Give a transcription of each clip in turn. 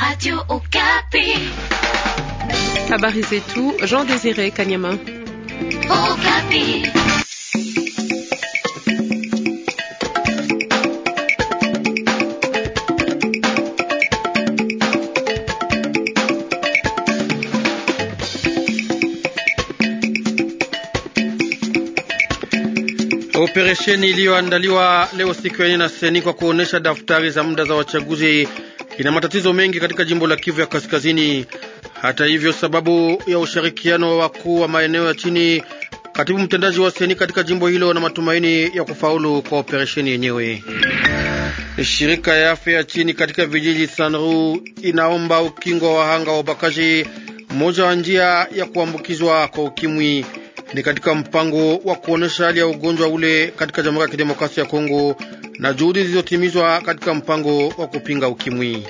Radio Okapi. Habari zetu Jean Désiré Kanyama. Okapi. Operesheni iliyoandaliwa leo siku ya nne na seni kwa kuonesha daftari za muda za wachaguzi ina matatizo mengi katika jimbo la Kivu ya Kaskazini. Hata hivyo, sababu ya ushirikiano wa wakuu wa maeneo ya chini, katibu mtendaji wa seni katika jimbo hilo na matumaini ya kufaulu kwa operesheni yenyewe. Shirika ya afya ya chini katika vijiji Sanru inaomba ukingo wa wahanga wa ubakaji, mmoja wa njia ya kuambukizwa kwa ukimwi ni katika mpango wa kuonesha hali ya ugonjwa ule katika Jamhuri ya Kidemokrasia ya Kongo na juhudi zilizotimizwa katika mpango wa kupinga ukimwi.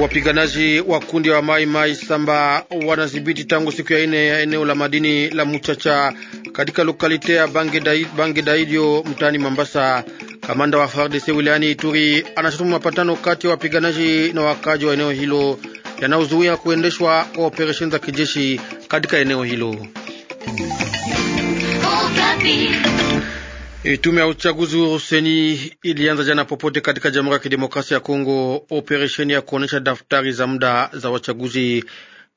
Wapiganaji wa kundi wa Mai Mai Samba wanadhibiti tangu siku ya ine ya eneo la madini la Muchacha katika lokalite ya Bange Daidio mtaani Mambasa. Kamanda wa FARDC wilayani Ituri anashutumu mapatano kati ya wapiganaji na wakaji wa eneo hilo yanayozuia kuendeshwa kwa operesheni za kijeshi katika eneo hilo. E, tume ya uchaguzi huru seni ilianza jana popote katika Jamhuri ya Kidemokrasia ya Kongo operesheni ya kuonesha daftari za muda za wachaguzi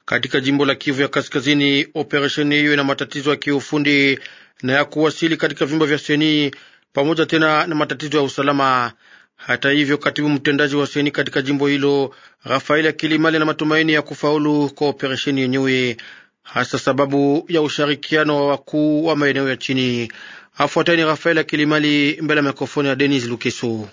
katika jimbo la Kivu ya Kaskazini. Operesheni hiyo ina matatizo ya kiufundi na ya kuwasili katika vyumba vya seni pamoja tena na matatizo ya usalama. Hata hivyo, katibu mtendaji wa seni katika jimbo hilo Rafael Akilimali na matumaini ya kufaulu kwa operesheni yenyewe, hasa sababu ya ushirikiano wa wakuu wa maeneo ya chini. Afuatani Rafael Kilimali mbele ya mikrofoni ya Denis Lukeso.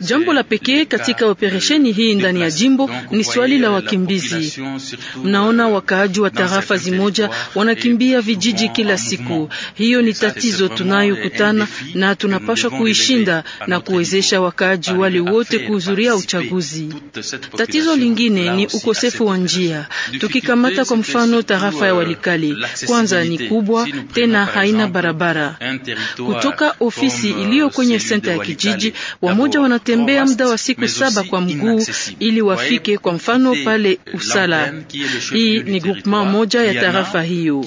Jambo la pekee katika operesheni hii ndani ya jimbo ni swali euh, la wakimbizi. Mnaona euh, wakaaji wa tarafa zimoja wanakimbia vijiji kila siku. Hiyo ni tatizo tunayokutana euh, na tunapaswa kuishinda na kuwezesha wakaaji wale wote kuhudhuria uchaguzi. Tatizo lingine ni ukosefu wa njia. Tukikamata kwa mfano tarafa ya Walikale, kwanza ni kubwa tena haina barabara. Kutoka ofisi iliyo kwenye senta ya kijiji, wamoja wanatembea muda wa siku saba kwa mguu ili wafike, kwa mfano pale Usala. Hii ni groupement moja ya tarafa hiyo.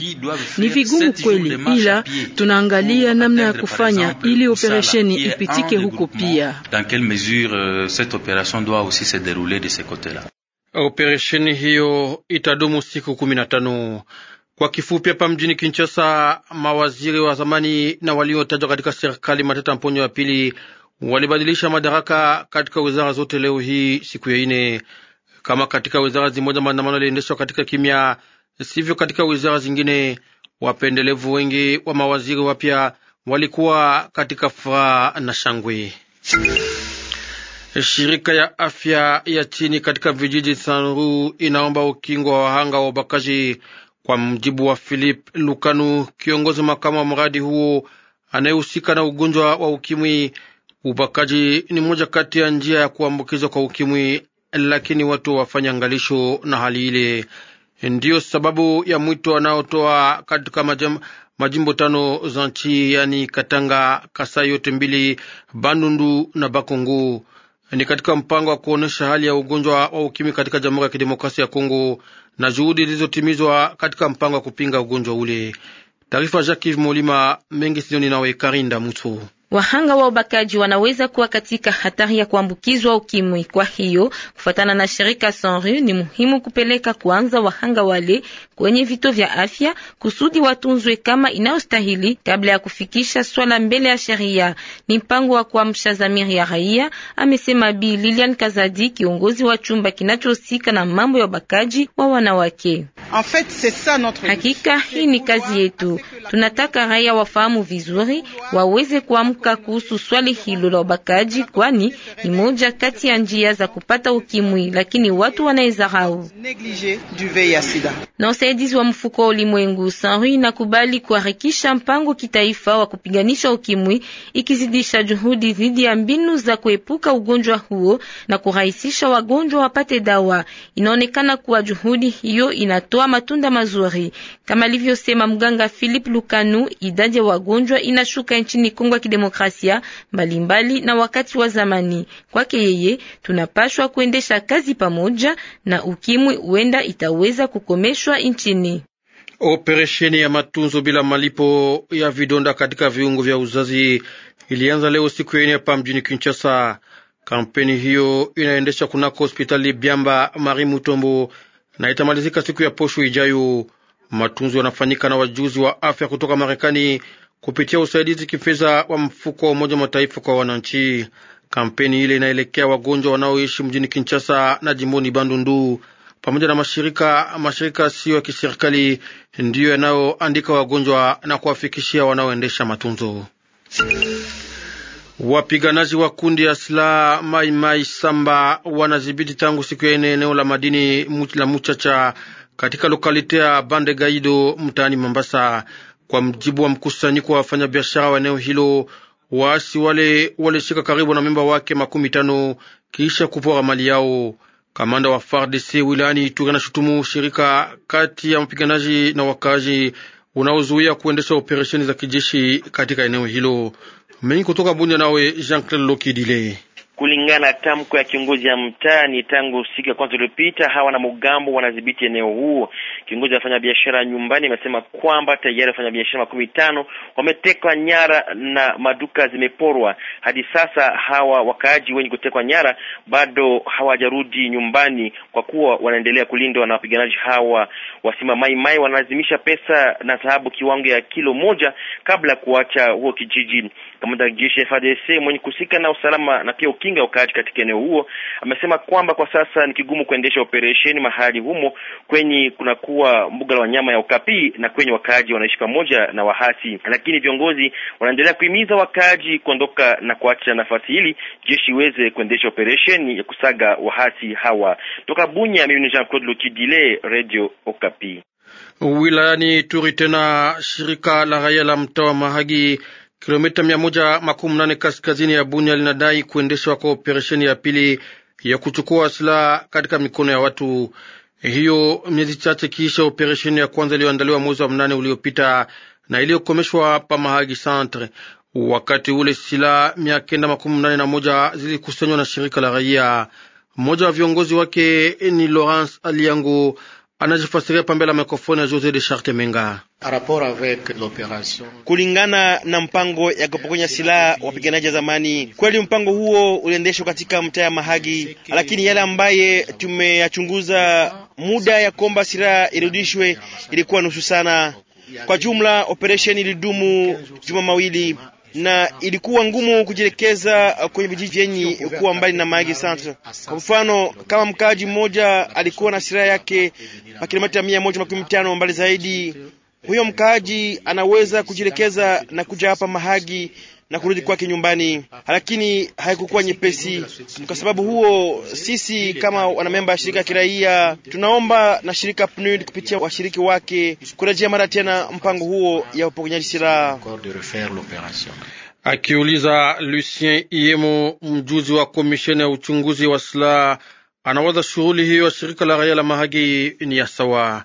Ni vigumu kweli, ila tunaangalia namna ya kufanya ili operesheni ipitike huko pia. Euh, operesheni hiyo itadumu siku kumi na tano. Kwa kifupi, hapa mjini Kinshasa, mawaziri wa zamani na waliotajwa katika serikali Matata Mponyo ya pili walibadilisha madaraka katika wizara zote leo hii siku ya ine. Kama katika wizara zimoja maandamano yaliendeshwa katika kimya, sivyo katika wizara zingine. Wapendelevu wengi wa mawaziri wapya walikuwa katika furaha na shangwe. Shirika ya afya ya chini katika vijiji Sanru inaomba ukingo wa wahanga wa ubakaji kwa mjibu wa Philip Lukanu, kiongozi makamu wa mradi huo anayehusika na ugonjwa wa ukimwi, ubakaji ni moja kati ya njia ya kuambukizwa kwa ukimwi, lakini watu wafanya ngalisho na hali ile. Ndiyo sababu ya mwito anaotoa katika majimbo tano za nchi, yani Katanga, Kasai yote mbili, Bandundu na bakungu Ni katika mpango wa kuonesha hali ya ugonjwa wa ukimwi katika Jamhuri ya Kidemokrasia ya Kongo na juhudi zilizotimizwa katika mpango wa kupinga ugonjwa ule. Taarifa Jacques Molima mengi sioni nawe Karinda Mutu. Wahanga wa ubakaji wanaweza kuwa katika hatari ya kuambukizwa ukimwi. Kwa hiyo, kufuatana na shirika Sanru, ni muhimu kupeleka kwanza wahanga wale kwenye vituo vya afya kusudi watunzwe kama inayostahili kabla ya kufikisha swala mbele ya sheria. Ni mpango wa kuamsha dhamiri ya raia, amesema Bi Lilian Kazadi, kiongozi wa chumba kinachohusika na mambo ya ubakaji wa wanawake. En fait, hakika hii ni kazi yetu, tunataka raia wafahamu vizuri, waweze kuamka kuzunguka kuhusu swali hilo la ubakaji, kwani ni moja kati ya njia za kupata ukimwi, lakini watu wanaizarau. Na usaidizi wa mfuko wa ulimwengu Sanri inakubali kuharakisha mpango kitaifa wa kupiganisha ukimwi, ikizidisha juhudi dhidi ya mbinu za kuepuka ugonjwa huo na kurahisisha wagonjwa wapate dawa. Inaonekana kuwa juhudi hiyo inatoa matunda mazuri, kama alivyosema mganga Philip Lukanu, idadi ya wagonjwa inashuka nchini Kongo ya Kidemokrasia demokrasia mbalimbali na wakati wa zamani. Kwake yeye, tunapashwa kuendesha kazi pamoja, na ukimwi huenda itaweza kukomeshwa nchini. Operesheni ya matunzo bila malipo ya vidonda katika viungo vya uzazi ilianza leo siku ya ine hapa mjini Kinshasa. Kampeni hiyo inaendesha kunako hospitali Byamba Mari Mutombo na itamalizika siku ya posho ijayo. Matunzo yanafanyika na wajuzi wa afya kutoka Marekani kupitia usaidizi kifedha wa mfuko wa Umoja Mataifa kwa wananchi. Kampeni ile inaelekea wagonjwa wanaoishi mjini Kinshasa na jimboni Bandundu pamoja na mashirika mashirika siyo ya kiserikali ndiyo yanayoandika wagonjwa na kuwafikishia wanaoendesha matunzo. Wapiganaji wa kundi ya silaha Mai Mai Samba wanadhibiti tangu siku ya ine eneo la madini la Muchacha katika lokalite ya Bande Gaido mtaani Mambasa. Kwa mjibu wa mkusanyiko wa wafanyabiashara wa eneo hilo, waasi wale walishika karibu na memba wake makumi tano kisha kupora mali yao. Kamanda wa FARDC wilayani Ituri anashutumu shirika kati ya mpiganaji na wakaaji unaozuia kuendesha operesheni za kijeshi katika eneo hilo. Mengi kutoka Bunia, nawe Jean Claude Lokidile. Kulingana na tamko ya kiongozi ya mtaani, tangu siku ya kwanza iliyopita, hawa na mgambo wanadhibiti eneo huo. Kiongozi wa wafanyabiashara nyumbani amesema kwamba tayari wafanyabiashara makumi tano wametekwa nyara na maduka zimeporwa. Hadi sasa hawa wakaaji wenye kutekwa nyara bado hawajarudi nyumbani kwa kuwa wanaendelea kulindwa na wapiganaji hawa. mai. wanalazimisha pesa na sahabu kiwango ya kilo moja kabla ya kuacha huo kijiji. Kamanda wa FARDC mwenye kuhusika na usalama na pia kupinga ukaaji katika eneo huo, amesema kwamba kwa sasa ni kigumu kuendesha operesheni mahali humo kwenye kunakuwa mbuga la wanyama ya Okapi na kwenye wakaaji wanaishi pamoja na wahasi, lakini viongozi wanaendelea kuhimiza wakaaji kuondoka na kuacha nafasi hili jeshi iweze kuendesha operesheni ya kusaga wahasi hawa. Toka Bunya, mimi ni Jean Claude Lokidile, Radio Okapi. Wilayani Turi tena shirika la raia la mtaa wa Mahagi kilomita mia moja makumi nane kaskazini ya Bunia linadai kuendeshwa kwa operesheni ya pili ya kuchukua silaha katika mikono ya watu hiyo, miezi chache kiisha operesheni ya kwanza iliyoandaliwa mwezi wa mnane uliopita na iliyokomeshwa pa Mahagi Centre. Wakati ule silaha mia kenda makumi nane na moja zilikusanywa na shirika la raia. Mmoja wa viongozi wake ni Lawrence Aliangu anajifasiria pambela mikrofoni ya Jose de Charte Menga. Kulingana na mpango ya kupokonya silaha wapiganaji wa zamani, kweli mpango huo uliendeshwa katika mtaa ya Mahagi, lakini yale ambaye tumeyachunguza, muda ya kuomba silaha irudishwe ilikuwa nusu sana. Kwa jumla operesheni ilidumu juma mawili na ilikuwa ngumu kujielekeza kwenye vijiji vyenye kuwa mbali na Mahagi centre. Kwa mfano, kama mkaaji mmoja alikuwa na sira yake pa kilomita mia moja makumi tano mbali zaidi, huyo mkaaji anaweza kujielekeza na kuja hapa Mahagi na kurudi kwake nyumbani, lakini haikukuwa nyepesi. Kwa sababu huo, sisi kama wanamemba ya shirika ya kiraia tunaomba na shirika PNUD kupitia washiriki wake kurejea mara tena mpango huo ya upokonyaji silaha. Akiuliza Lucien Iemo, mjuzi wa komisheni ya uchunguzi wa silaha, anawaza shughuli hiyo ya shirika la raia la Mahagi ni ya sawa.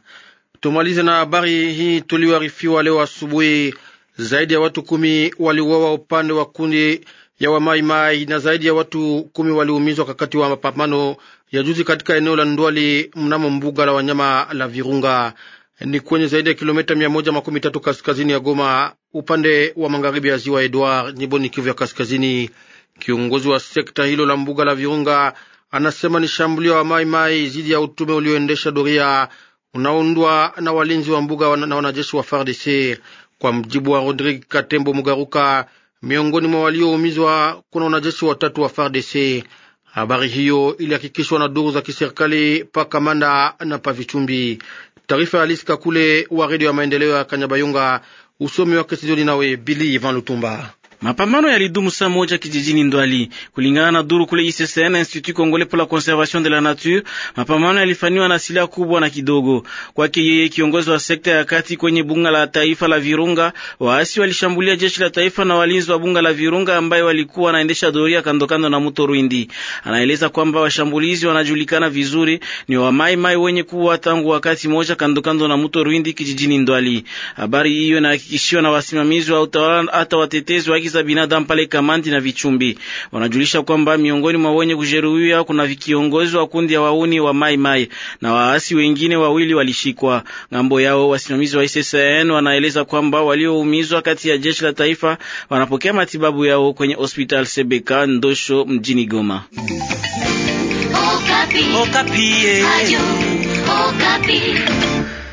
Tumalize na habari hii tuliyoarifiwa leo asubuhi zaidi ya watu kumi waliuawa upande wa kundi ya Wamaimai na zaidi ya watu kumi waliumizwa wakati wa mapambano ya juzi katika eneo la Ndwali mnamo mbuga la wanyama la Virunga ni kwenye zaidi ya kilomita mia moja makumi tatu kaskazini ya Goma, upande wa magharibi ya ziwa Edward, jimboni Kivu ya Kaskazini. Kiongozi wa sekta hilo la mbuga la Virunga anasema ni shambulio wa Maimai dhidi ya utume ulioendesha doria unaundwa na walinzi wa mbuga na wanajeshi wa FARDC. Kwa mjibu wa Rodrigue Katembo Mugaruka, miongoni mwa walioumizwa kuna wanajeshi watatu wa FARDC. Habari hiyo ilihakikishwa na duru za kiserikali pa Kamanda na pa Vichumbi. Taarifa ya Lisi wa redio ya maendeleo ya Kanyabayonga, usomi wake Sidoni nawe Bili Van Lutumba. Mapambano yalidumu saa moja kijijini Ndwali, kulingana na duru kule ICCN, Institut Congolais pour la Conservation de la Nature. Mapambano yalifanywa na silaha kubwa na kidogo. Kwake yeye, kiongozi wa sekta ya kati kwenye bunga la taifa la Virunga, waasi walishambulia jeshi la taifa na walinzi wa bunga la Virunga ambaye walikuwa wanaendesha doria kandokando na mto Rwindi. Anaeleza kwamba washambulizi wanajulikana vizuri, ni wa mai mai wenye kuwa tangu wakati moja kandokando na mto Rwindi kijijini Ndwali. Habari hiyo inahakikishiwa na wasimamizi wa utawala hata watetezi wa za binadamu pale Kamandi na Vichumbi. Wanajulisha kwamba miongoni mwa wenye kujeruhiwa kuna vikiongozi wa kundi ya wauni wa Mai Mai na waasi wengine wawili walishikwa ngambo yao. Wasimamizi wa SSN wanaeleza kwamba walioumizwa kati ya jeshi la taifa wanapokea matibabu yao kwenye hospital Sebeka Ndosho mjini Goma. Okapi. Okapi. Eh.